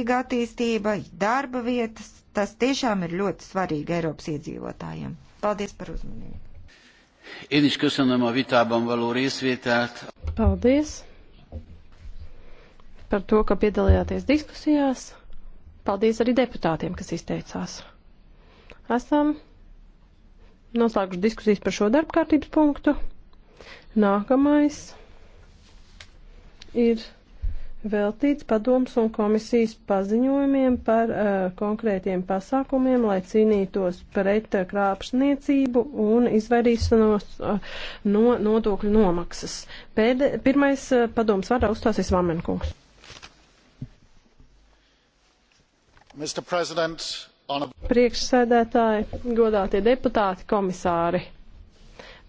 ilgspējīga attīstība, darba vietas, tas tiešām ir ļoti svarīgi Eiropas iedzīvotājiem. Paldies par uzmanību! Én is köszönöm a vitában való részvételt. Paldies par to, ka piedalījāties diskusijās. Paldies arī deputātiem, kas izteicās. Esam noslēguši diskusijas par šo darbkārtības punktu. Nākamais ir veltīts padoms un komisijas paziņojumiem par uh, konkrētiem pasākumiem, lai cīnītos pret uh, krāpšniecību un izvairīšanos uh, no nodokļu nomaksas. Pēdē, pirmais uh, padoms vārdā uzstāsies Vamenkungs. Priekšsēdētāji, godātie deputāti, komisāri.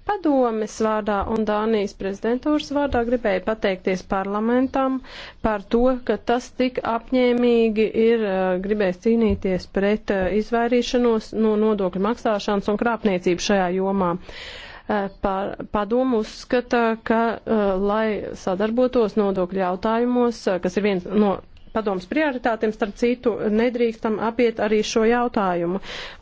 Padomes vārdā un Dānijas prezidentūras vārdā gribēju pateikties parlamentam par to, ka tas tik apņēmīgi ir uh, gribējis cīnīties pret uh, izvairīšanos no nodokļu maksāšanas un krāpniecību šajā jomā uh, par padomu uzskata, ka, lai sadarbotos nodokļu jautājumos, kas ir viens no padomas prioritātiem, starp citu, nedrīkstam apiet arī šo jautājumu.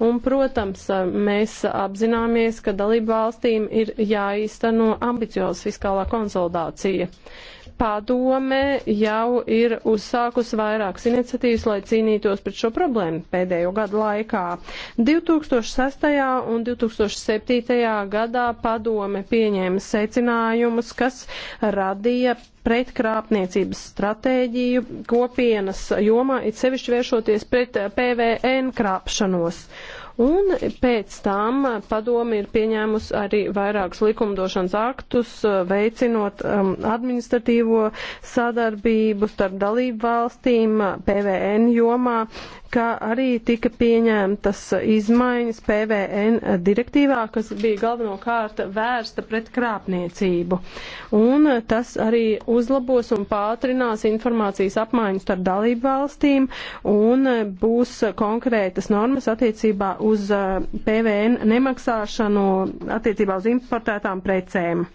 Un, protams, mēs apzināmies, ka dalību valstīm ir jāīsteno ambiciozi fiskālā konsolidācija. Uh, padome jau ir uzsākus vairākas iniciatīvas, lai cīnītos pret šo problēmu pēdējo gadu laikā. 2006. un 2007. gadā padome pieņēma secinājumus, kas radīja pretkrāpniecības stratēģiju kopienas jomā, it sevišķi vēršoties pret PVN krāpšanos. Un pēc tam padomi ir pieņēmusi arī vairākus likumdošanas aktus, uh, veicinot um, administratīvo sadarbību starp dalību valstīm uh, PVN jomā, kā arī tika pieņemtas izmaiņas PVN direktīvā, kas bija galvenokārt vērsta pret krāpniecību. Un tas arī uzlabos un pātrinās informācijas apmaiņu starp dalību valstīm un būs konkrētas normas attiecībā uz uz eh, PVN nemaksāšanu attiecībā uz importētām precēm.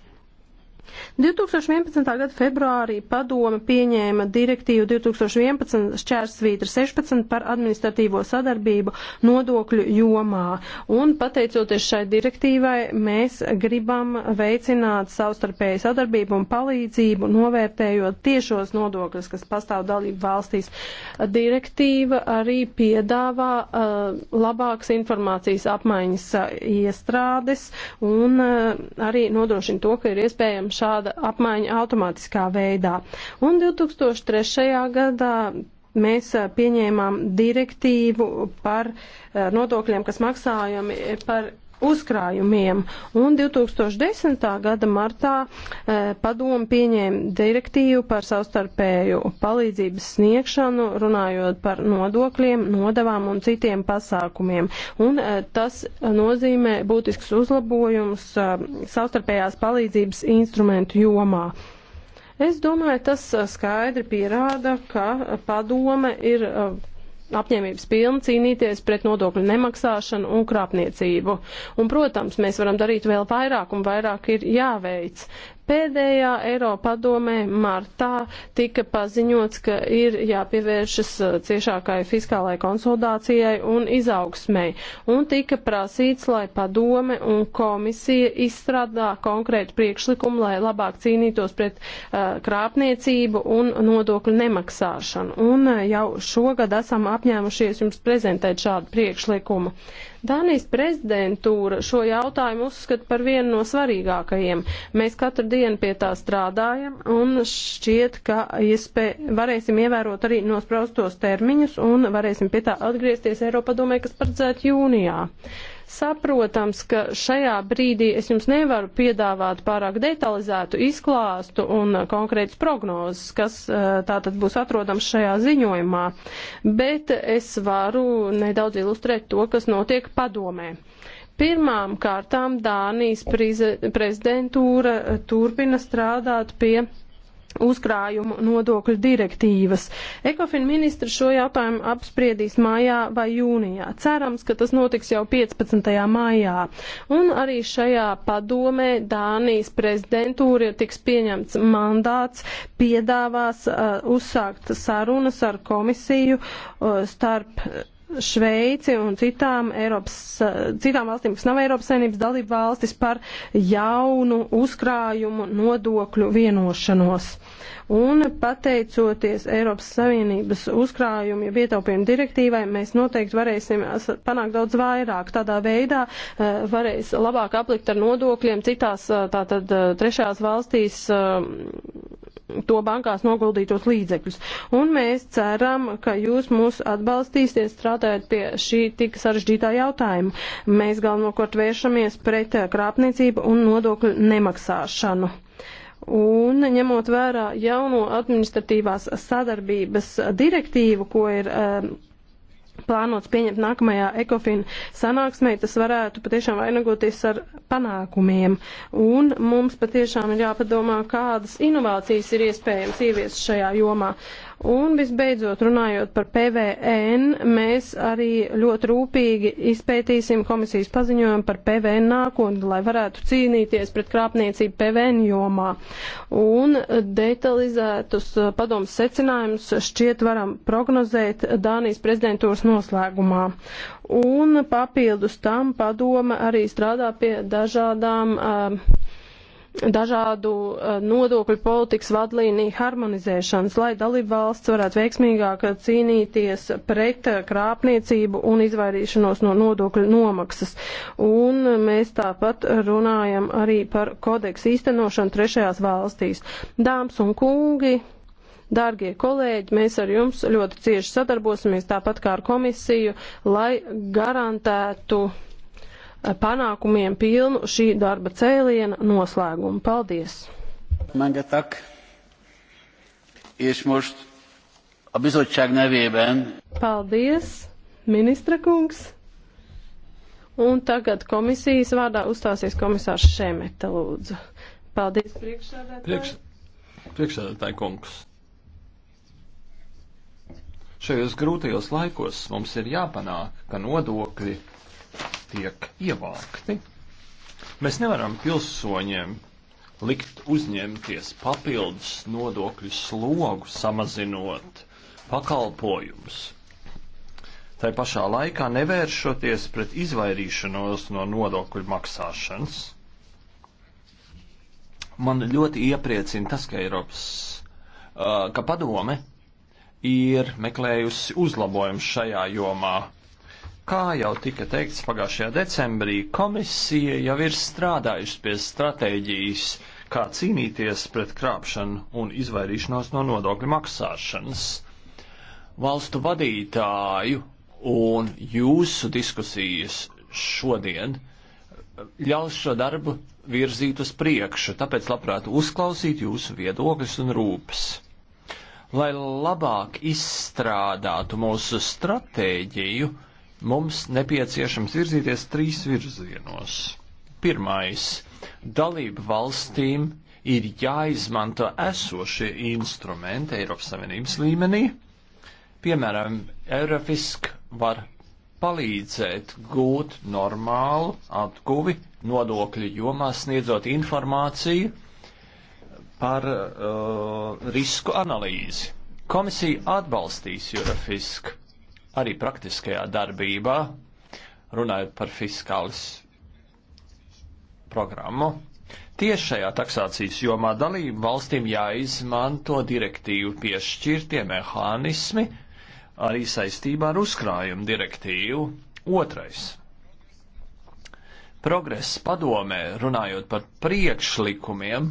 2011. gada februārī padome pieņēma direktīvu 2011 šķērsvītra 16 par administratīvo sadarbību nodokļu jomā. Un pateicoties šai direktīvai, mēs gribam veicināt savstarpēju sadarbību un palīdzību, novērtējot tiešos nodokļus, kas pastāv dalību valstīs. Direktīva arī piedāvā uh, labākas informācijas apmaiņas uh, iestrādes un uh, arī nodrošina to, ka ir iespējams šāda apmaiņa automātiskā veidā. Un 2003. gadā mēs pieņēmām direktīvu par nodokļiem, kas maksājami par uzkrājumiem. Un 2010. gada martā e, padomu pieņēma direktīvu par savstarpēju palīdzības sniegšanu, runājot par nodokļiem, nodavām un citiem pasākumiem. Un e, tas nozīmē būtisks uzlabojums e, savstarpējās palīdzības instrumentu jomā. Es domāju, tas skaidri pierāda, ka padome ir apņēmības pilni cīnīties pret nodokļu nemaksāšanu un krāpniecību. Un, protams, mēs varam darīt vēl vairāk un vairāk ir jāveic. Pēdējā Eiropadomē martā tika paziņots, ka ir jāpievēršas uh, ciešākai fiskālai konsolidācijai un izaugsmai, un tika prasīts, lai padome un komisija izstrādā konkrētu priekšlikumu, lai labāk cīnītos pret uh, krāpniecību un nodokļu nemaksāšanu. Un uh, jau šogad esam apņēmušies jums prezentēt šādu priekšlikumu. Dānijas prezidentūra šo jautājumu uzskata par vienu no svarīgākajiem. Mēs katru dienu pie tā strādājam un šķiet, ka iespē, varēsim ievērot arī nospraustos termiņus un varēsim pie tā atgriezties Eiropadomē, kas paredzēt jūnijā. Saprotams, ka šajā brīdī es jums nevaru piedāvāt pārāk detalizētu izklāstu un konkrētas prognozes, kas eh, tātad būs atrodams šajā ziņojumā, bet es varu nedaudz ilustrēt to, kas notiek padomē. Pirmām kārtām Dānijas prezidentūra eh, turpina strādāt pie uzkrājumu nodokļu direktīvas. Ekofin ministri šo jautājumu apspriedīs mājā vai jūnijā. Cerams, ka tas notiks jau 15. mājā. Un arī šajā padomē Dānijas prezidentūra tiks pieņemts mandāts, piedāvās uh, uzsākt sarunas ar komisiju uh, starp Šveici un citām, Eiropas, citām valstīm, kas nav Eiropas saimnības dalība valstis, par jaunu uzkrājumu nodokļu vienošanos. Un pateicoties Eiropas Savienības uzkrājumu, ja ietaupījumu direktīvai, mēs noteikti varēsim panākt daudz vairāk. Tādā veidā e, varēs labāk aplikt ar nodokļiem citās, e, tātad e, trešās valstīs to bankās noguldītos līdzekļus. Un mēs ceram, ka jūs mūs atbalstīsiet strādājot pie šī tik sarežģītā jautājuma. Mēs galvenokārt vēršamies pret krāpniecību un nodokļu nemaksāšanu. Un ņemot vērā jauno administratīvās sadarbības direktīvu, ko ir um, plānots pieņemt nākamajā ekofina sanāksmē, tas varētu patiešām vainagoties ar panākumiem. Un mums patiešām ir jāpadomā, kādas inovācijas ir iespējams ieviest šajā jomā. Un visbeidzot, runājot par PVN, mēs arī ļoti rūpīgi izpētīsim komisijas paziņojumu par PVN nākotni, lai varētu cīnīties pret krāpniecību PVN jomā. Un detalizētus uh, padomus secinājumus šķiet varam prognozēt Dānijas prezidentūras noslēgumā. Un papildus tam padoma arī strādā pie dažādām uh, dažādu eh, nodokļu politikas vadlīniju harmonizēšanas, lai dalību valsts varētu veiksmīgāk cīnīties pret eh, krāpniecību un izvairīšanos no nodokļu nomaksas. Un mēs tāpat runājam arī par kodeksu īstenošanu trešajās valstīs. Dāmas un kungi, Dārgie kolēģi, mēs ar jums ļoti cieši sadarbosimies, tāpat kā ar komisiju, lai garantētu panākumiem pilnu šī darba cēliena noslēgumu. Paldies! Megetek, és most a bizottság nevében. Paldies, ministra kungs! Un tagad komisijas vārdā uzstāsies komisārs Šemeta lūdzu. Paldies, priekšsēdētāji. Priekš, priekšsēdētāji kungs. Šajos grūtajos laikos mums ir jāpanāk, ka nodokļi tiek ievākti. Mēs nevaram pilsoņiem likt uzņemties papildus nodokļu slogu, samazinot pakalpojumus. Tai pašā laikā nevēršoties pret izvairīšanos no nodokļu maksāšanas. Man ļoti iepriecina tas, ka Eiropas, ka padome ir meklējusi uzlabojumu šajā jomā. Kā jau tika teikts pagājušajā decembrī, komisija jau ir strādājusi pie stratēģijas, kā cīnīties pret krāpšanu un izvairīšanos no nodokļu maksāšanas. Valstu vadītāju un jūsu diskusijas šodien ļaus šo darbu virzīt uz priekšu, tāpēc labprāt uzklausīt jūsu viedokļus un rūpes. Lai labāk izstrādātu mūsu stratēģiju, mums nepieciešams virzīties trīs virzienos. Pirmais - dalību valstīm ir jāizmanto esošie instrumenti Eiropas Savienības līmenī. Piemēram, Eirofisk var palīdzēt gūt normālu atguvi nodokļu jomā, sniedzot informāciju par uh, risku analīzi. Komisija atbalstīs Eurofisku arī praktiskajā darbībā, runājot par fiskālis programmu. Tieši šajā taksācijas jomā dalību valstīm jāizmanto direktīvu piešķirtie mehānismi arī saistībā ar uzkrājumu direktīvu. Otrais. Progress padomē runājot par priekšlikumiem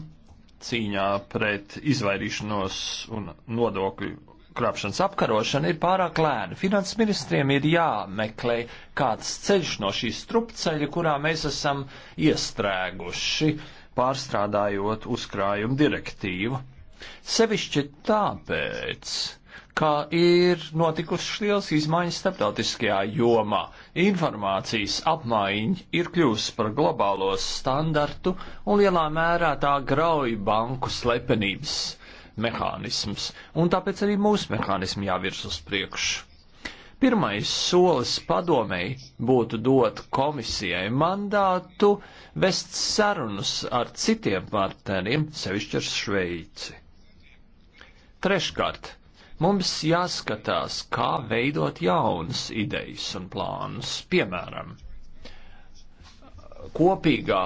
cīņā pret izvairīšanos un nodokļu krāpšanas apkarošana ir pārāk lēna. Finanses ministriem ir jāmeklē kāds ceļš no šīs strupceļa, kurā mēs esam iestrēguši, pārstrādājot uzkrājumu direktīvu. Sevišķi tāpēc, ka ir notikušas liels izmaiņas starptautiskajā jomā. Informācijas apmaiņa ir kļuvusi par globālo standartu un lielā mērā tā grauj banku slepenības mehānisms, un tāpēc arī mūsu mehānismi jāvirz uz priekšu. Pirmais solis padomēji būtu dot komisijai mandātu vest sarunas ar citiem partneriem, sevišķi ar Šveici. Treškārt, mums jāskatās, kā veidot jaunas idejas un plānus, piemēram, kopīgā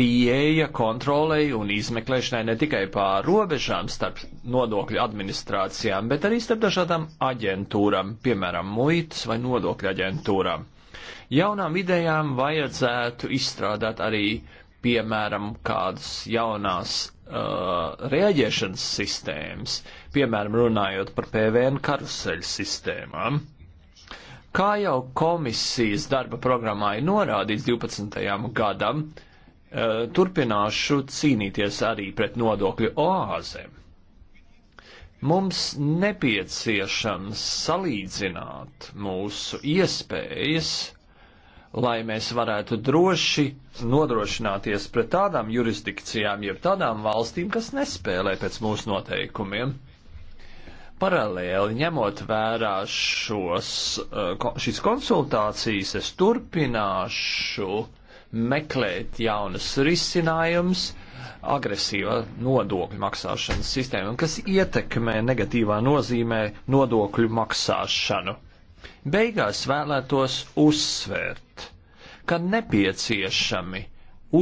pieeja kontrolei un izmeklēšanai ne tikai pār robežām starp nodokļu administrācijām, bet arī starp dažādām aģentūram, piemēram, muitas vai nodokļu aģentūram. Jaunām idejām vajadzētu izstrādāt arī, piemēram, kādas jaunās uh, rēģēšanas sistēmas, piemēram, runājot par PVN karuseļu sistēmām. Kā jau komisijas darba programmā ir norādīts 12. gadam, uh, Eh, turpināšu cīnīties arī pret nodokļu oāzēm. Mums nepieciešams salīdzināt mūsu iespējas, lai mēs varētu droši nodrošināties pret tādām jurisdikcijām, jeb tādām valstīm, kas nespēlē pēc mūsu noteikumiem paralēli ņemot vērā šos, eh, šīs konsultācijas, es turpināšu meklēt jaunas risinājumus agresīva nodokļu maksāšanas sistēma, kas ietekmē negatīvā nozīmē nodokļu maksāšanu. Beigās vēlētos uzsvērt, ka nepieciešami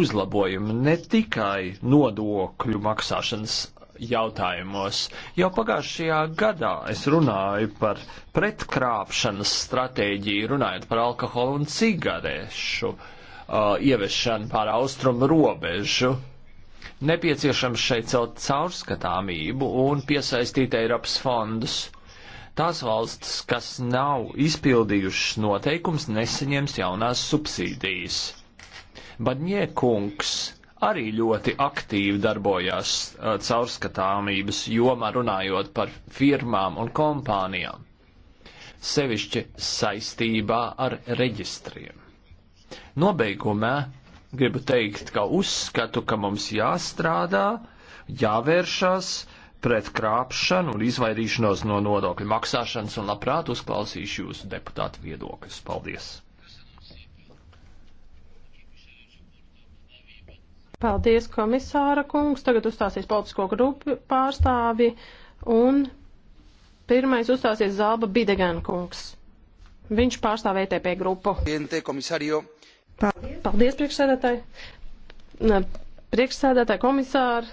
uzlabojumi ne tikai nodokļu maksāšanas jautājumos. Jau pagājušajā gadā es runāju par pretkrāpšanas stratēģiju, runājot par alkoholu un cigarešu uh, Uh, ieviešanu pār austrumu robežu. Nepieciešams šeit celt caurskatāmību un piesaistīt Eiropas fondus. Tās valstis, kas nav izpildījušas noteikums, nesaņems jaunās subsīdijas. Baņie kungs arī ļoti aktīvi darbojās uh, caurskatāmības jomā runājot par firmām un kompānijām, sevišķi saistībā ar reģistriem. Nobeigumā gribu teikt, ka uzskatu, ka mums jāstrādā, jāvēršas pret krāpšanu un izvairīšanos no nodokļu maksāšanas un labprāt uzklausīšu jūsu deputātu viedokļus. Paldies! Paldies, komisāra kungs. Tagad uzstāsies politisko grupu pārstāvi un pirmais uzstāsies Zalba Bidegana kungs. Viņš pārstāv ETP grupu. Komisārio. Paldies, Paldies priekšsēdētāji. Priekšsēdētāji komisāri.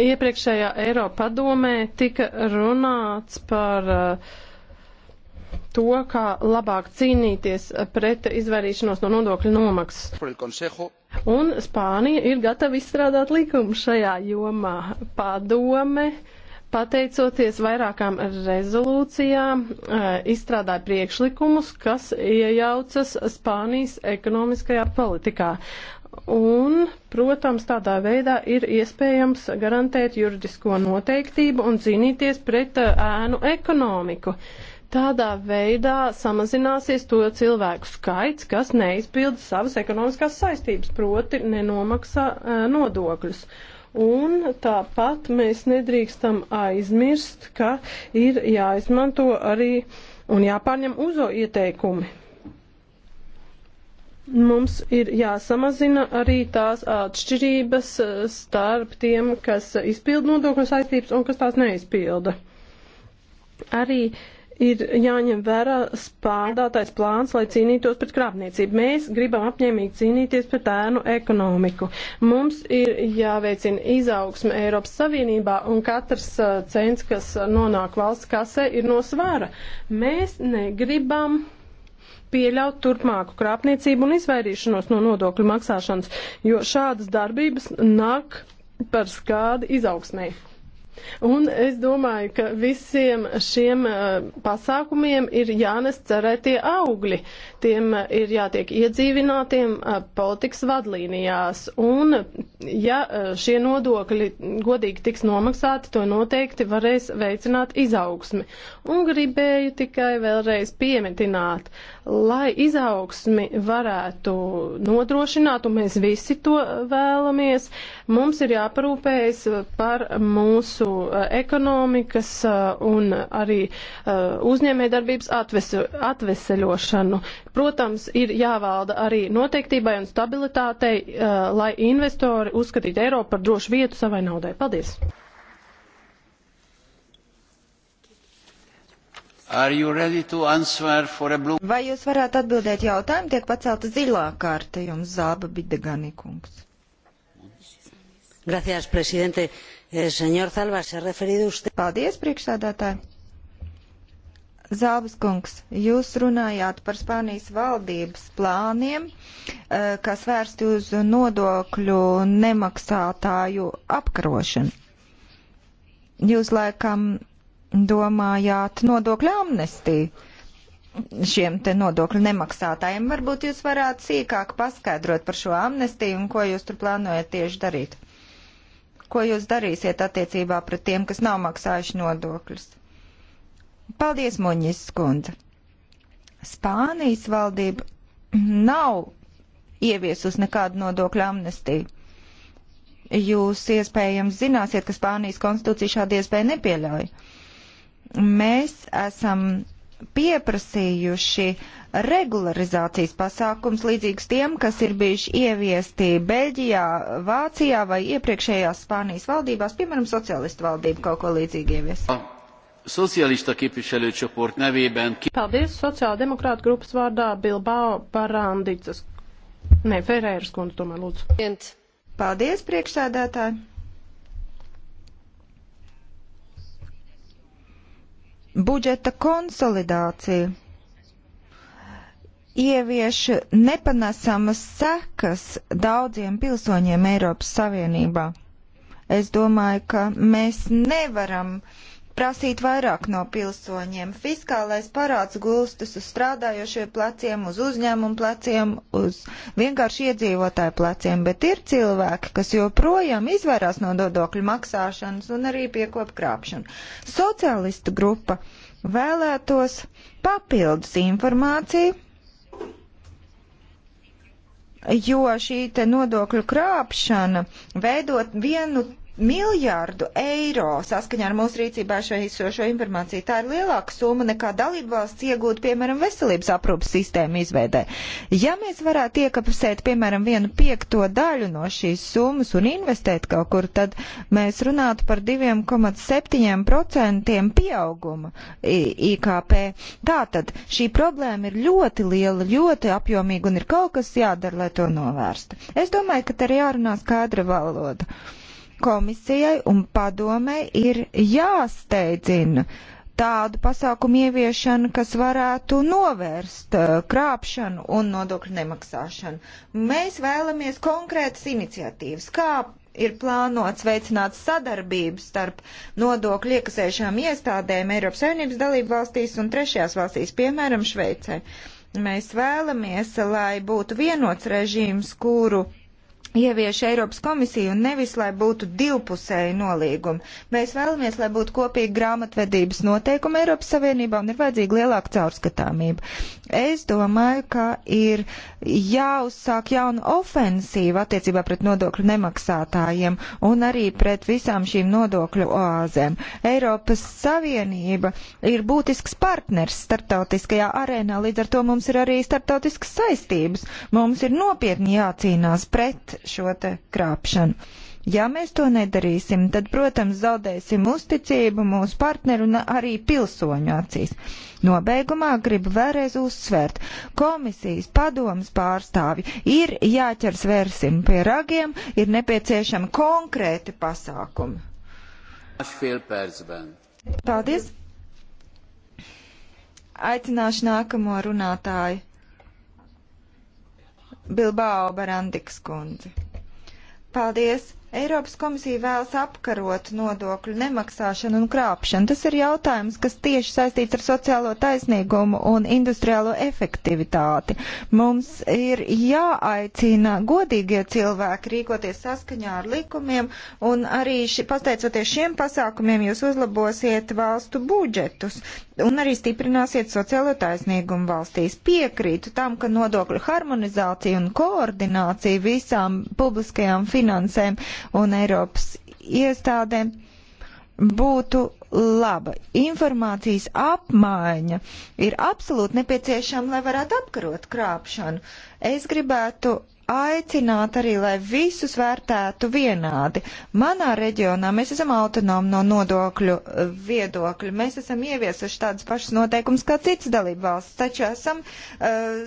Iepriekšējā Eiropa padomē tika runāts par uh, to, kā labāk cīnīties pret izvairīšanos no nodokļu nomaksas. Un Spānija ir gatava izstrādāt likumu šajā jomā. Padome uh, pateicoties vairākām rezolūcijām, eh, izstrādāja priekšlikumus, kas iejaucas Spānijas ekonomiskajā politikā. Un, protams, tādā veidā ir iespējams garantēt juridisko noteiktību un cīnīties pret eh, ēnu ekonomiku. Tādā veidā samazināsies to cilvēku skaits, kas neizpilda savas ekonomiskās saistības, proti nenomaksā eh, nodokļus. Uh, Un tāpat mēs nedrīkstam aizmirst, ka ir jāizmanto arī un jāpārņem uzo ieteikumi. Mums ir jāsamazina arī tās atšķirības eh, starp tiem, kas izpilda nodokļu saistības un kas tās neizpilda. Arī uh, ir jāņem vērā spārdātais plāns, lai cīnītos pret krāpniecību. Mēs gribam apņēmīgi cīnīties pret ēnu ekonomiku. Mums ir jāveicina izaugsme Eiropas Savienībā un katrs uh, cents, kas uh, nonāk valsts kasē, ir no svara. Mēs negribam pieļaut turpmāku krāpniecību un izvairīšanos no nodokļu maksāšanas, jo šādas darbības nāk par skādi izaugsmēji. Un es domāju, ka visiem šiem eh, pasākumiem ir jānes cerētie augļi tiem ir jātiek iedzīvinātiem politikas vadlīnijās. Un, ja šie nodokļi godīgi tiks nomaksāti, to noteikti varēs veicināt izaugsmi. Un gribēju tikai vēlreiz piemetināt, lai izaugsmi varētu nodrošināt, un mēs visi to vēlamies, mums ir jāparūpējas par mūsu ekonomikas un arī uzņēmējdarbības atveseļošanu. Protams, ir jāvalda arī noteiktībai un stabilitātei, uh, lai investori uzskatītu Eiropu par drošu vietu savai naudai. Paldies! Vai jūs varētu atbildēt jautājumu? Tiek pacelta zilā kārta jums zāba Bidegani kungs. Gracias, presidente. Eh, señor Zalba, se ha referido usted. Paldies, priekšsādātāji. Zābas kungs, jūs runājāt par Spānijas valdības plāniem, eh, kas vērsti uz nodokļu nemaksātāju apkarošanu. Jūs laikam domājāt nodokļu amnestiju šiem te nodokļu nemaksātājiem. Varbūt jūs varētu sīkāk paskaidrot par šo amnestiju un ko jūs tur plānojat tieši darīt. Ko jūs darīsiet attiecībā pret tiem, kas nav maksājuši nodokļus? Paldies, Muņis skundze. Spānijas valdība nav ieviesus nekādu nodokļu amnestiju. Jūs iespējams zināsiet, ka Spānijas konstitūcija šādu iespēju nepieļauj. Mēs esam pieprasījuši regularizācijas pasākums līdzīgs tiem, kas ir bijuši ieviesti Beļģijā, Vācijā vai iepriekšējās Spānijas valdībās, piemēram, socialistu valdība kaut ko līdzīgu ievies. Ah szocialista képviselőcsoport nevében... Paldies, sociāldemokrāta grupas vārdā Bilbao Barandicas. Nē, Ferēras kundze, tomēr lūdzu. Paldies, priekšsēdētāji. Budžeta konsolidācija ievieš nepanesamas sekas daudziem pilsoņiem Eiropas Savienībā. Es domāju, ka mēs nevaram uh, prasīt vairāk no pilsoņiem. Fiskālais parāds gulstas uz strādājošie pleciem, uz uzņēmumu pleciem, uz vienkārši iedzīvotāju pleciem, bet ir cilvēki, kas joprojām izvairās no dodokļu maksāšanas un arī piekop krāpšanu. Socialistu grupa vēlētos papildus informāciju jo šī nodokļu krāpšana veidot vienu miljārdu eiro saskaņā ar mūsu rīcībā šo izsošo informāciju. Tā ir lielāka summa nekā dalībvalsts iegūt, piemēram, veselības aprūpas sistēmu izveidē. Ja mēs varētu iekapsēt, piemēram, vienu piekto daļu no šīs summas un investēt kaut kur, tad mēs runātu par 2,7% pieauguma IKP. Tātad šī problēma ir ļoti liela, ļoti apjomīga un ir kaut kas jādara, lai to novērstu. Es domāju, ka te ir jārunā skaidra valoda. Komisijai un padomei ir jāsteidzina tādu pasākumu ieviešanu, kas varētu novērst eh, krāpšanu un nodokļu nemaksāšanu. Mēs vēlamies konkrētas iniciatīvas, kā ir plānots veicināt sadarbību starp nodokļu iekasēšām iestādēm Eiropas Savienības dalību valstīs un trešajās valstīs, piemēram, Šveicē. Mēs vēlamies, lai būtu vienots režīms, kuru ievieš Eiropas komisija un nevis, lai būtu divpusēji nolīgumi. Mēs vēlamies, lai būtu kopīgi grāmatvedības noteikumi Eiropas Savienībā un ir vajadzīga lielāka caurskatāmība. Es domāju, ka ir jāuzsāk jauna ofensīva attiecībā pret nodokļu nemaksātājiem un arī pret visām šīm nodokļu oāzēm. Eiropas Savienība ir būtisks partners starptautiskajā arēnā, līdz ar to mums ir arī starptautiskas saistības. Mums ir nopietni jācīnās pret šo te krāpšanu. Ja mēs to nedarīsim, tad, protams, zaudēsim uzticību mūsu partneru un arī pilsoņu acīs. Nobeigumā gribu vēlreiz uzsvērt, komisijas padomas pārstāvi ir jāķers vērsim pie ragiem, ir nepieciešami konkrēti pasākumi. Paldies! Aicināšu nākamo runātāju. Bilbao Barandikas kundzi. Paldies! Eiropas komisija vēlas apkarot nodokļu nemaksāšanu un krāpšanu. Tas ir jautājums, kas tieši saistīts ar sociālo taisnīgumu un industriālo efektivitāti. Mums ir jāaicina godīgie cilvēki rīkoties saskaņā ar likumiem, un arī ši, pateicoties šiem pasākumiem jūs uzlabosiet valstu budžetus un arī stiprināsiet sociālo taisnīgumu valstīs. Piekrītu tam, ka nodokļu harmonizācija un koordinācija visām publiskajām finansēm un Eiropas iestādēm būtu laba. Informācijas apmaiņa ir absolūti nepieciešama, lai varētu apkarot krāpšanu. Es gribētu aicināt arī, lai visus vērtētu vienādi. Manā reģionā mēs esam autonomi no nodokļu eh, viedokļu. Mēs esam ieviesuši tādas pašas noteikumus kā citas dalību valsts, taču esam uh,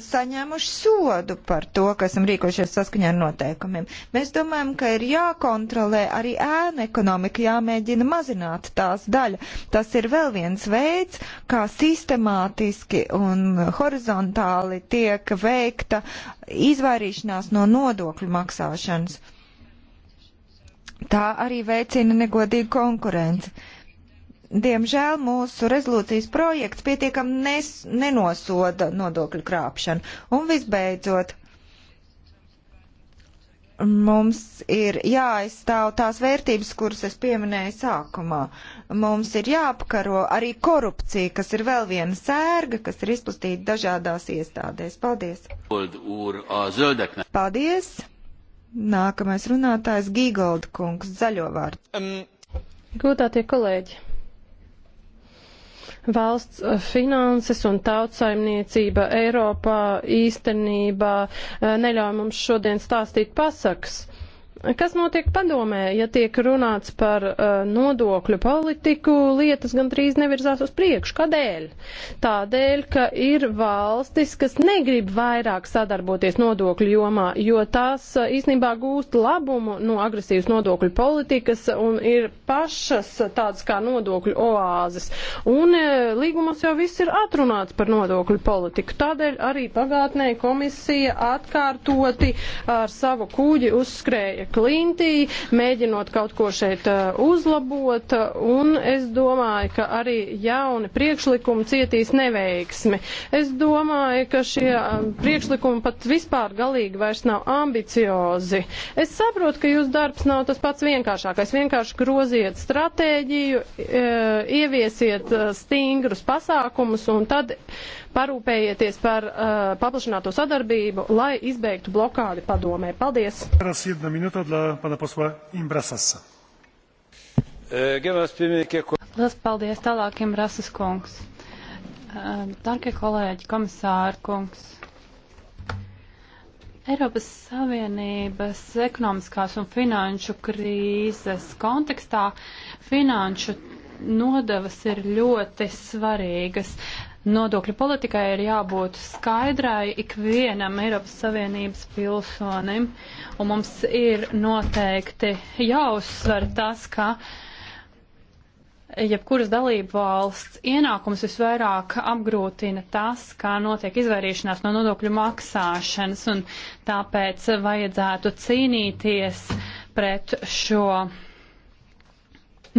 saņēmuši sodu par to, ka esam rīkojušies saskaņā ar noteikumiem. Mēs domājam, ka ir jākontrolē arī ēna ekonomika, jāmēģina mazināt tās daļa. Tas ir vēl viens veids, kā sistemātiski un horizontāli tiek veikta uh, izvairīšanās no nodokļu maksāšanas. Tā arī veicina negodīgu konkurenci. Diemžēl mūsu rezolūcijas projekts pietiekam nes, nenosoda nodokļu krāpšanu. Un visbeidzot, Mums ir jāaizstāv tās vērtības, kuras es pieminēju sākumā. Mums ir jāapkaro arī korupcija, kas ir vēl viena sērga, kas ir izplatīta dažādās iestādēs. Paldies! Paldies! Nākamais runātājs Gīgolda kungs, zaļo vārdu. Um. Godātie kolēģi! valsts eh, finanses un tautsaimniecība Eiropā īstenībā eh, neļauj mums šodien stāstīt pasakas. Kas notiek padomē, ja tiek runāts par uh, nodokļu politiku, lietas gandrīz nevirzās uz priekšu? Kādēļ? Tādēļ, ka ir valstis, kas negrib vairāk sadarboties nodokļu jomā, jo tās uh, īstenībā gūst labumu no agresīvas nodokļu politikas un ir pašas tādas kā nodokļu oāzes. Un uh, līgumos jau viss ir atrunāts par nodokļu politiku. Tādēļ arī pagātnē komisija atkārtoti ar savu kūģi uzskrēja klintī, mēģinot kaut ko šeit uh, uzlabot, un es domāju, ka arī jauni priekšlikumi cietīs neveiksmi. Es domāju, ka šie um, priekšlikumi pat vispār galīgi vairs nav ambiciozi. Es saprotu, ka jūsu darbs nav tas pats vienkāršākais. Vienkārši groziet stratēģiju, uh, ieviesiet uh, stingrus pasākumus un tad. Uh, Parūpējieties par uh, paplašināto sadarbību, lai izbeigtu blokādi padomē. Paldies! E, Lielas paldies tālākiem Rasas kungs. E, Dargie kolēģi, komisāri kungs. Eiropas Savienības ekonomiskās un finanšu krīzes kontekstā finanšu nodevas ir ļoti svarīgas. Nodokļu politikai ir jābūt skaidrai ikvienam Eiropas Savienības pilsonim, un mums ir noteikti jāuzsver tas, ka jebkuras dalību valsts ienākums visvairāk apgrūtina tas, kā notiek izvairīšanās no nodokļu maksāšanas, un tāpēc vajadzētu cīnīties pret šo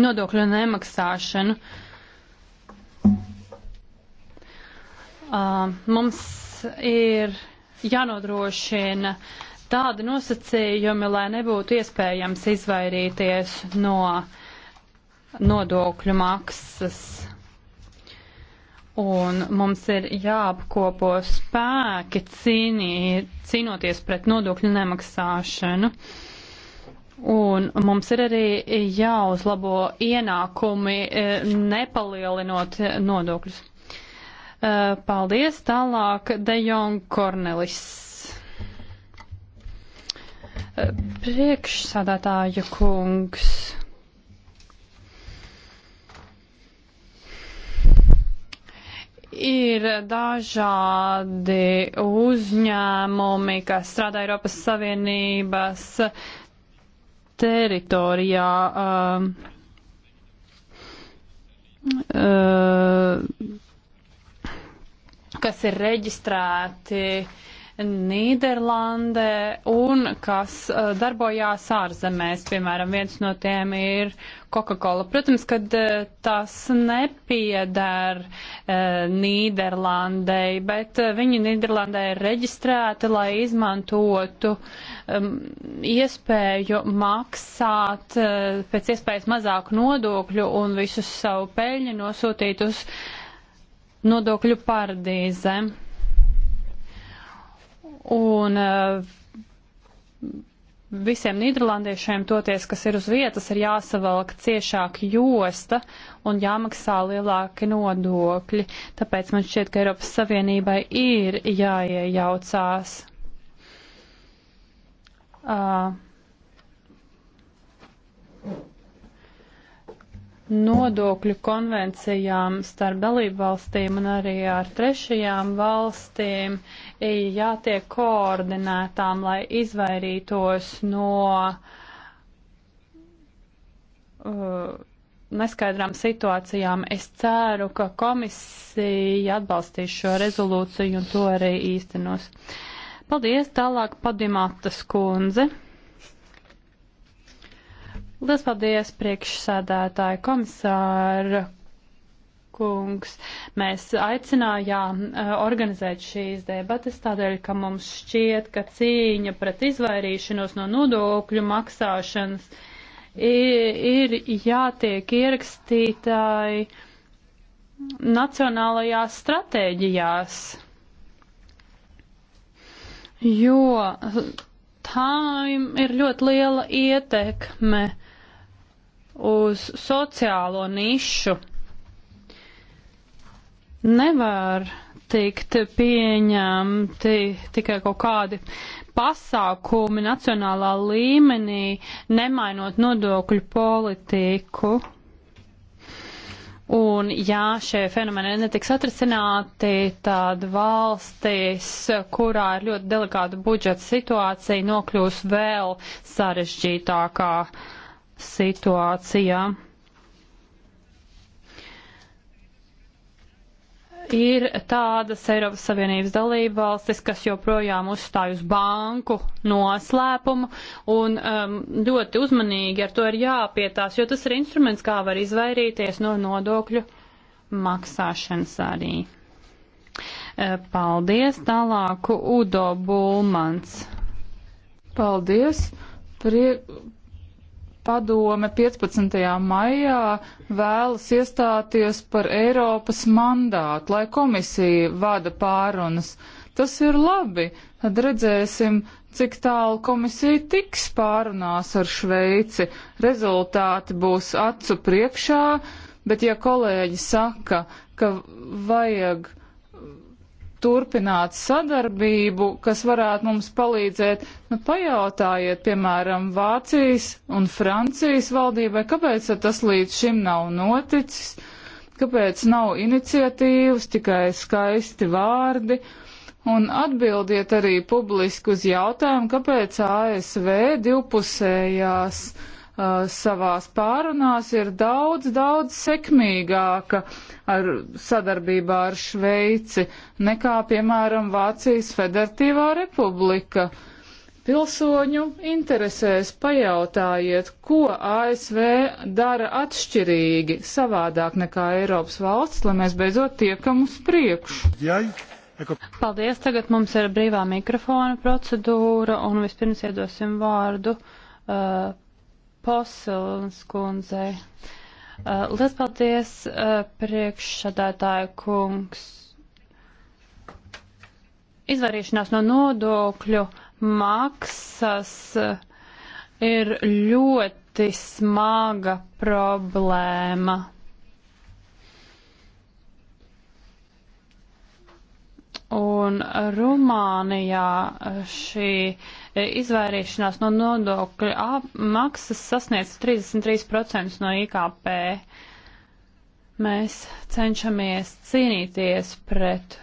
nodokļu nemaksāšanu. Uh, Uh, mums ir jānodrošina tādi nosacījumi, lai nebūtu iespējams izvairīties no nodokļu maksas. Un mums ir jāapkopo spēki cīnī, cīnoties pret nodokļu nemaksāšanu. Un mums ir arī jāuzlabo ienākumi, eh, nepalielinot nodokļus. Eh, paldies, tālāk Dejong Kornelis. Eh, Priekšsādātāju kungs. Ir dažādi uzņēmumi, kas strādā Eiropas Savienības teritorijā. Um, uh, kas ir reģistrēti Nīderlandē un kas uh, darbojās ārzemēs. Piemēram, viens no tiem ir Coca-Cola. Protams, ka uh, tas nepiedar uh, Nīderlandei, bet uh, viņi Nīderlandē ir reģistrēti, lai izmantotu um, iespēju maksāt uh, pēc iespējas mazāku nodokļu un visus savu peļņu nosūtīt uz uh, nodokļu paradīze. Un eh, visiem nīderlandiešiem toties, kas ir uz vietas, ir jāsavalk ciešāk josta un jāmaksā lielāki nodokļi. Tāpēc man šķiet, ka Eiropas Savienībai ir jāiejaucās. Uh, nodokļu konvencijām starp dalību valstīm un arī ar trešajām valstīm jātiek koordinētām, lai izvairītos no uh, neskaidrām situācijām. Es ceru, ka komisija atbalstīs šo rezolūciju un to arī īstenos. Paldies, tālāk padimātas kundze. Liels paldies, priekšsēdētāji komisāra kungs. Mēs aicinājām eh, organizēt šīs debates tādēļ, ka mums šķiet, ka cīņa pret izvairīšanos no nodokļu maksāšanas ir, ir jātiek ierakstītāji nacionālajās stratēģijās, jo eh, tām ir ļoti liela ietekme uz sociālo nišu. Nevar tikt pieņemti tikai kaut kādi pasākumi nacionālā līmenī, nemainot nodokļu politiku. Un ja šie fenomeni netiks atrasināti, tad valstīs, kurā ir ļoti delikāta budžeta situācija, nokļūs vēl sarežģītākā uh, situācijā. ir tādas Eiropas Savienības dalība valstis, kas joprojām uzstāj uz banku noslēpumu, un um, ļoti uzmanīgi ar to ir jāpietās, jo tas ir instruments, kā var izvairīties no nodokļu maksāšanas arī. Uh, paldies, tālāk Udo Bulmans. Paldies, prie, padome 15. maijā vēlas iestāties par Eiropas mandātu, lai komisija vada pārunas. Tas ir labi, tad redzēsim, cik tālu komisija tiks pārunās ar Šveici. Rezultāti būs acu priekšā, bet ja kolēģi saka, ka vajag turpināt sadarbību, kas varētu mums palīdzēt. Nu, pajautājiet, piemēram, Vācijas un Francijas valdībai, kāpēc tas līdz šim nav noticis, kāpēc nav iniciatīvas, tikai skaisti vārdi. Un atbildiet arī publiski uz jautājumu, kāpēc ASV divpusējās uh, Uh, savās pārunās ir daudz, daudz sekmīgāka ar sadarbībā ar Šveici nekā, piemēram, Vācijas Federatīvā republika. Pilsoņu interesēs pajautājiet, ko ASV dara atšķirīgi, savādāk nekā Eiropas valsts, lai mēs beidzot tiekam uz priekšu. Jai. Paldies, tagad mums ir brīvā mikrofona procedūra un vispirms iedosim vārdu uh, Posils kundzei. Uh, liels paldies, uh, priekšsādātāja kungs. Izvarīšanās no nodokļu maksas uh, ir ļoti smaga problēma. Un Rumānijā šī uh, izvairīšanās no nodokļa maksas sasniedz 33% no IKP. Mēs cenšamies cīnīties pret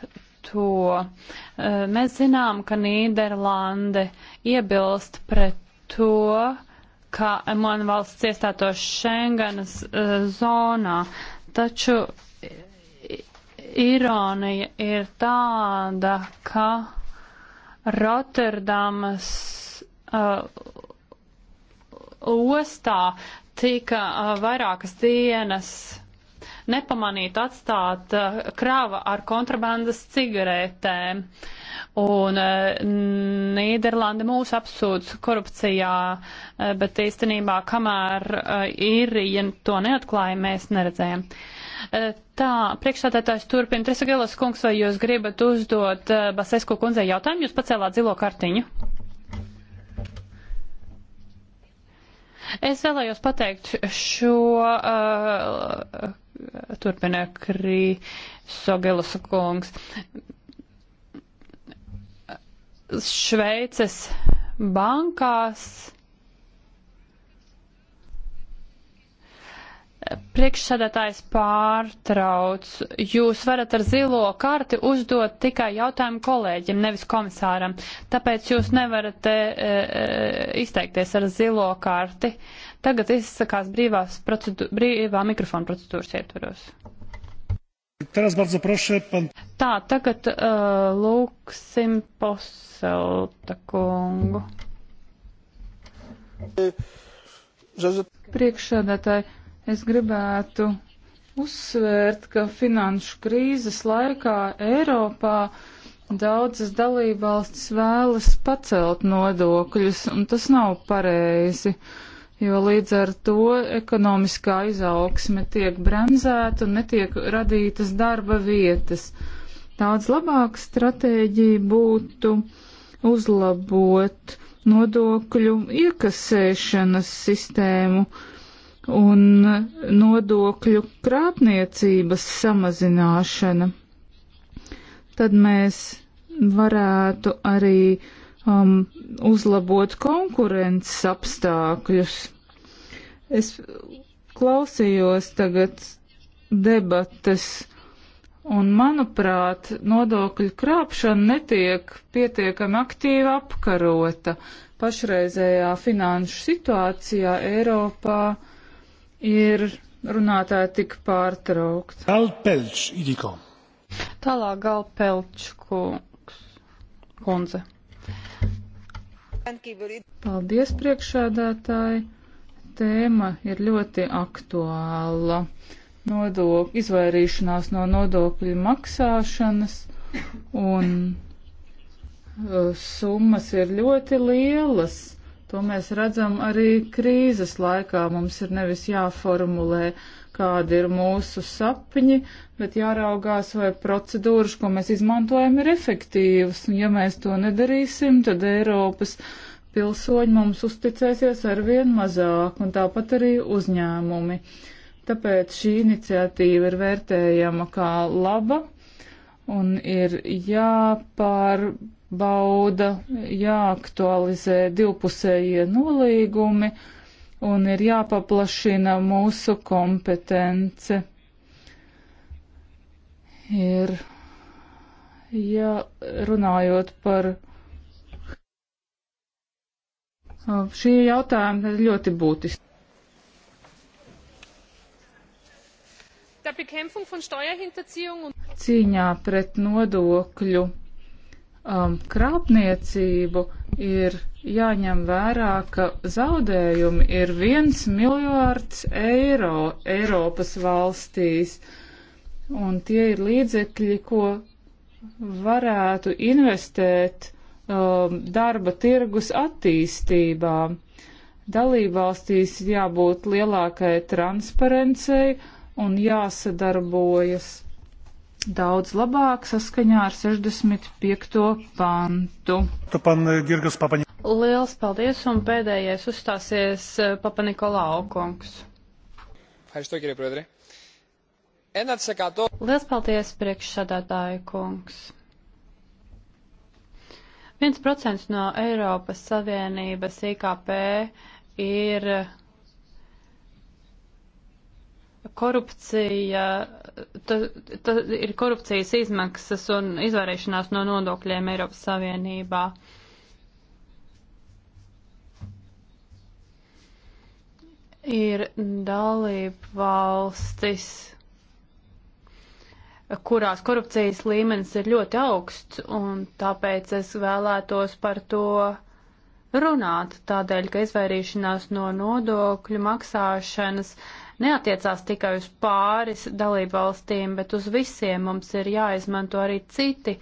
to. Eh, mēs zinām, ka Nīderlande iebilst pret to, ka man valsts iestātos Schengenas eh, zonā, taču ironija ir tāda, ka Rotterdamas uh, ostā tika uh, vairākas dienas nepamanīt atstāt uh, krava ar kontrabandas cigaretēm. Un uh, Nīderlanda mūs apsūdz korupcijā, uh, bet īstenībā, kamēr īrija uh, to neatklāja, mēs neredzējām. Uh, Eh, tā, priekšstādātājs turpina. Tresagēlas kungs, vai jūs gribat uzdot eh, Basesku kundzei jautājumu? Jūs pacēlāt zilo kartiņu. Es vēlējos pateikt šo, uh, turpina Krīsogelas kungs, Šveices bankās Priekšsēdētājs pārtrauc. Jūs varat ar zilo karti uzdot tikai jautājumu kolēģim, nevis komisāram. Tāpēc jūs nevarat e, e, izteikties ar zilo karti. Tagad izsakās brīvās procedu, brīvā mikrofona procedūras ietvaros. Teraz bardzo proszę pan. Tā, tagad uh, lūksim poselta kungu. Priekšsēdētāji Es gribētu uzsvērt, ka finanšu krīzes laikā Eiropā daudzas dalībvalstis vēlas pacelt nodokļus, un tas nav pareizi, jo līdz ar to ekonomiskā izaugsme tiek bremzēta un netiek radītas darba vietas. Daudz labāka stratēģija būtu uzlabot nodokļu iekasēšanas sistēmu un nodokļu krāpniecības samazināšana, tad mēs varētu arī um, uzlabot konkurences apstākļus. Es klausījos tagad debates, un manuprāt, nodokļu krāpšana netiek pietiekami aktīvi apkarota pašreizējā finanšu situācijā Eiropā ir runātāja tik pārtraukta. Galpelč, Idiko. Tālāk Galpelč kundze. Paldies, priekšādātāji. Tēma ir ļoti aktuāla. Nodok, izvairīšanās no nodokļu maksāšanas un uh, summas ir ļoti lielas To mēs redzam arī krīzes laikā. Mums ir nevis jāformulē, kādi ir mūsu sapņi, bet jāraugās, vai procedūras, ko mēs izmantojam, ir efektīvas. Un ja mēs to nedarīsim, tad Eiropas pilsoņi mums uzticēsies arvien mazāk, un tāpat arī uzņēmumi. Tāpēc šī iniciatīva ir vērtējama kā laba un ir jāpār jābauda, jāaktualizē divpusējie nolīgumi un ir jāpaplašina mūsu kompetence. Ir, ja runājot par šī jautājuma, ļoti būtiski. Cīņā pret nodokļu um, krāpniecību, ir jāņem vērā, ka zaudējumi ir viens miljārds eiro Eiropas valstīs, un tie ir līdzekļi, ko varētu investēt um, darba tirgus attīstībā. Dalībvalstīs jābūt lielākai transparencei un jāsadarbojas daudz labāk saskaņā ar 65. pantu. Eh, Liels paldies un pēdējais uzstāsies eh, Papa Nikolau kungs. Liels paldies priekšsādātāju kungs. 1% no Eiropas Savienības IKP ir Korupcija, ta, ta ir korupcijas izmaksas un izvairīšanās no nodokļiem Eiropas Savienībā. Ir dalība valstis, kurās korupcijas līmenis ir ļoti augsts, un tāpēc es vēlētos par to runāt, tādēļ, ka izvairīšanās no nodokļu maksāšanas uh, neatiecās tikai uz pāris dalībvalstīm, bet uz visiem mums ir jāizmanto arī citi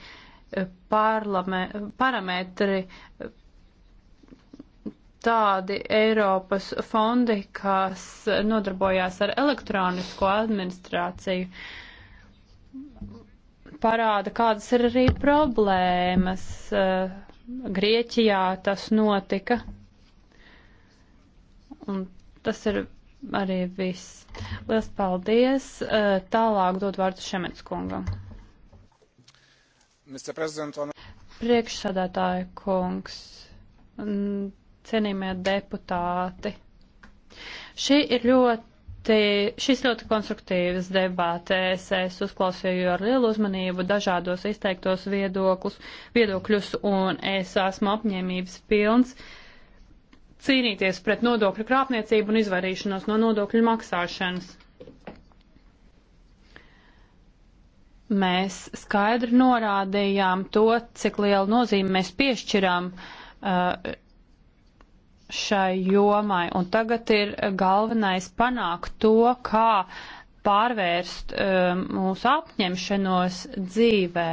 eh, parametri, eh, tādi Eiropas fondi, kas nodarbojās ar elektronisko administrāciju, parāda, kādas ir arī problēmas. Eh, Grieķijā tas notika. Un tas ir arī viss. Lielas paldies. Eh, tālāk dod vārdu Šemets kungam. On... Priekšsādātāja kungs, cienījamie deputāti. Šī ir ļoti, šis ļoti konstruktīvs debātēs. Es uzklausīju ar lielu uzmanību dažādos izteiktos viedokļus, viedokļus un es esmu apņēmības pilns. Uh, cīnīties pret nodokļu krāpniecību un izvairīšanos no nodokļu maksāšanas. Mēs skaidri norādījām to, cik lielu nozīmi mēs piešķiram uh, šai jomai, un tagad ir galvenais panākt to, kā pārvērst uh, mūsu apņemšanos dzīvē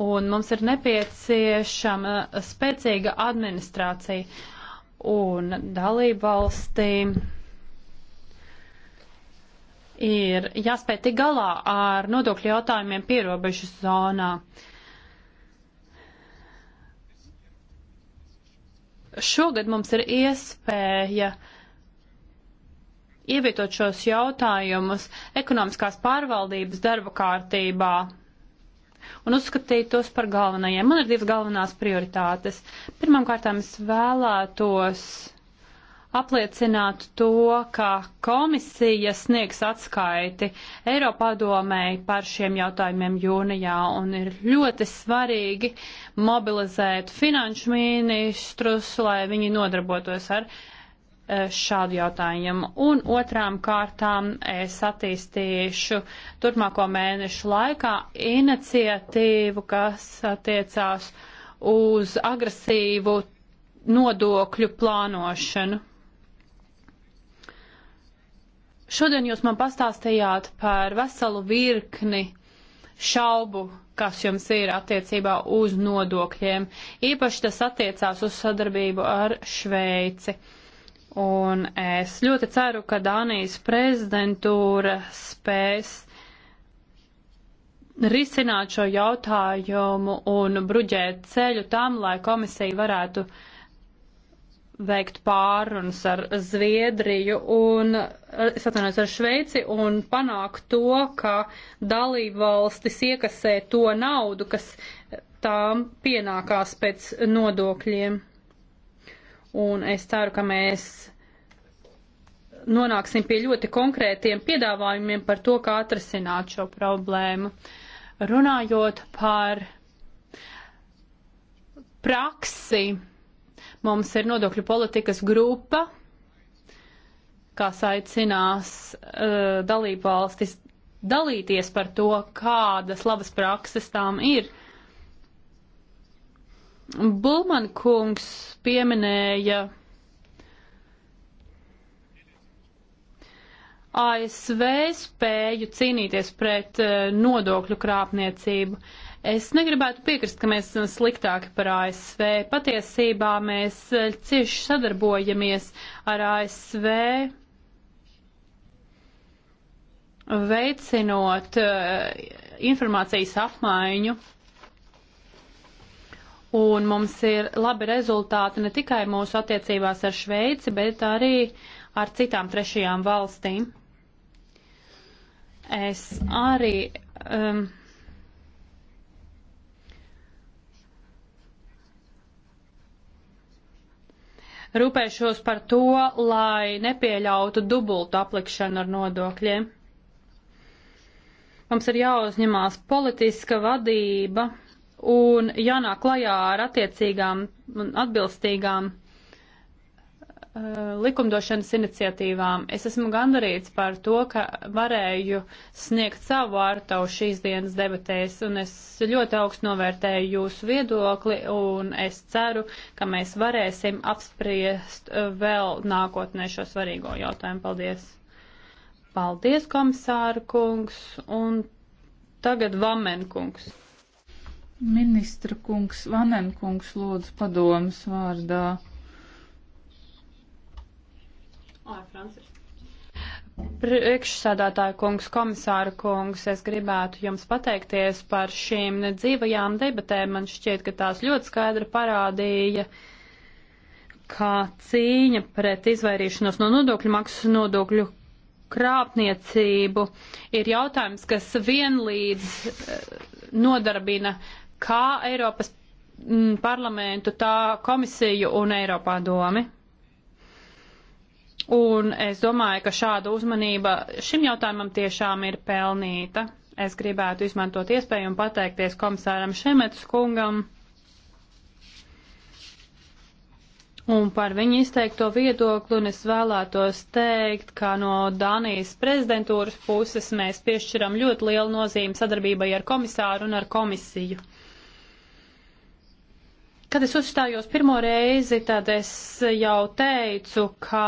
un mums ir nepieciešama spēcīga administrācija un dalību valstīm ir jāspēj tik galā ar nodokļu jautājumiem pierobežu zonā. Šogad mums ir iespēja ievietot šos jautājumus ekonomiskās pārvaldības darba kārtībā un uzskatīt tos par galvenajiem. Man ir divas galvenās prioritātes. Pirmkārt, es vēlētos apliecināt to, ka komisija sniegs atskaiti Eiropadomēji par šiem jautājumiem jūnijā un ir ļoti svarīgi mobilizēt finanšu ministrus, lai viņi nodarbotos ar E, šādu jautājumu. Un otrām kārtām es attīstīšu turpmāko mēnešu laikā iniciatīvu, kas attiecās uz agresīvu nodokļu plānošanu. Šodien jūs man pastāstījāt par veselu virkni šaubu, kas jums ir attiecībā uz nodokļiem. Īpaši tas attiecās uz sadarbību ar Šveici. Uh, Un es ļoti ceru, ka Dānijas prezidentūra spēs risināt šo jautājumu un bruģēt ceļu tam, lai komisija varētu veikt pārunas ar Zviedriju un, es atvainojos, ar Šveici un panākt to, ka dalībvalstis iekasē to naudu, kas tām pienākās pēc nodokļiem un es ceru, ka mēs nonāksim pie ļoti konkrētiem piedāvājumiem par to, kā atrasināt šo problēmu. Runājot par praksi, mums ir nodokļu politikas grupa, kas aicinās uh, eh, dalībvalstis dalīties par to, kādas labas prakses tām ir. Bulman kungs pieminēja ASV spēju cīnīties pret eh, nodokļu krāpniecību. Es negribētu piekrist, ka mēs esam sliktāki par ASV. Patiesībā mēs eh, cieši sadarbojamies ar ASV, veicinot eh, informācijas apmaiņu un mums ir labi rezultāti ne tikai mūsu attiecībās ar Šveici, bet arī ar citām trešajām valstīm. Es arī. Um, Rūpēšos par to, lai nepieļautu dubultu aplikšanu ar nodokļiem. Mums ir jāuzņemās politiska vadība un jānāk klajā ar attiecīgām un atbilstīgām uh, likumdošanas iniciatīvām. Es esmu gandarīts par to, ka varēju sniegt savu vārtavu šīs dienas debatēs, un es ļoti augstu novērtēju jūsu viedokli, un es ceru, ka mēs varēsim apspriest uh, vēl nākotnē šo svarīgo jautājumu. Paldies! Paldies, komisāra kungs, un tagad Vamenkungs. Ministra kungs, Vanenkungs lūdzu padomas vārdā. Priekšsādātāja kungs, komisāra kungs, es gribētu jums pateikties par šīm dzīvajām debatēm. Man šķiet, ka tās ļoti skaidri parādīja, kā cīņa pret izvairīšanos no nodokļu maksas nodokļu krāpniecību ir jautājums, kas vienlīdz eh, nodarbina kā Eiropas mm, parlamentu, tā komisiju un Eiropā domi. Un es domāju, ka šāda uzmanība šim jautājumam tiešām ir pelnīta. Es gribētu izmantot iespēju un pateikties komisāram Šemets kungam un par viņu izteikto viedokli, un es vēlētos teikt, ka no Danijas prezidentūras puses mēs piešķiram ļoti lielu nozīmi sadarbībai ar komisāru un ar komisiju. Kad es uzstājos pirmo reizi, tad es jau teicu, ka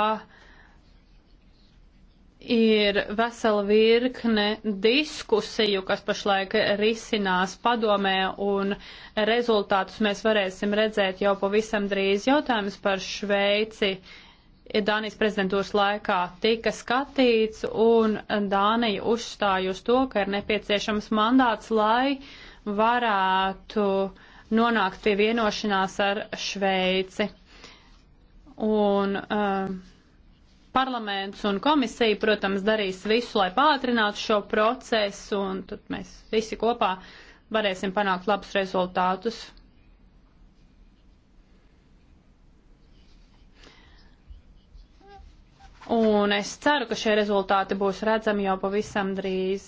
ir vesela virkne diskusiju, kas pašlaik risinās padomē, un rezultātus mēs varēsim redzēt jau pavisam drīz. Jautājums par Šveici Dānijas prezidentūras laikā tika skatīts, un Dānija uzstāja uz to, ka ir nepieciešams mandāts, lai varētu uh, nonākt pie vienošanās ar Šveici. Un uh, parlaments un komisija, protams, darīs visu, lai pātrinātu šo procesu, un tad mēs visi kopā varēsim panākt labus rezultātus. Un es ceru, ka šie rezultāti būs redzami jau pavisam drīz.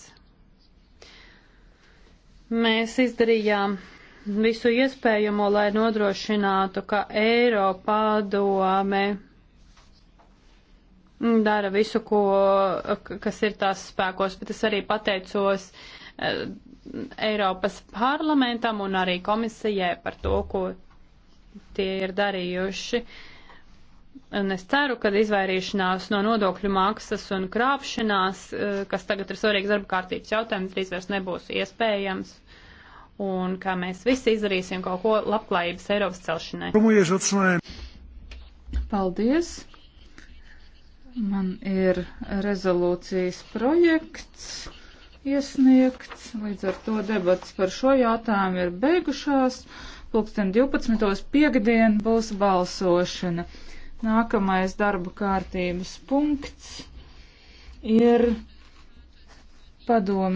Mēs izdarījām visu iespējamo, lai nodrošinātu, ka Eiropā dome dara visu, ko, kas ir tās spēkos, bet es arī pateicos e, Eiropas parlamentam un arī komisijai par to, ko tie ir darījuši. Un es ceru, ka izvairīšanās no nodokļu maksas un krāpšanās, e, kas tagad ir svarīgs darba kārtības jautājums, drīz vairs nebūs iespējams un ka mēs visi izdarīsim kaut ko labklājības Eiropas celšanai. Paldies! Man ir rezolūcijas projekts iesniegts, līdz ar to debats par šo jautājumu ir beigušās. Pulksten 12. piekdien būs balsošana. Nākamais darba kārtības punkts ir padomas.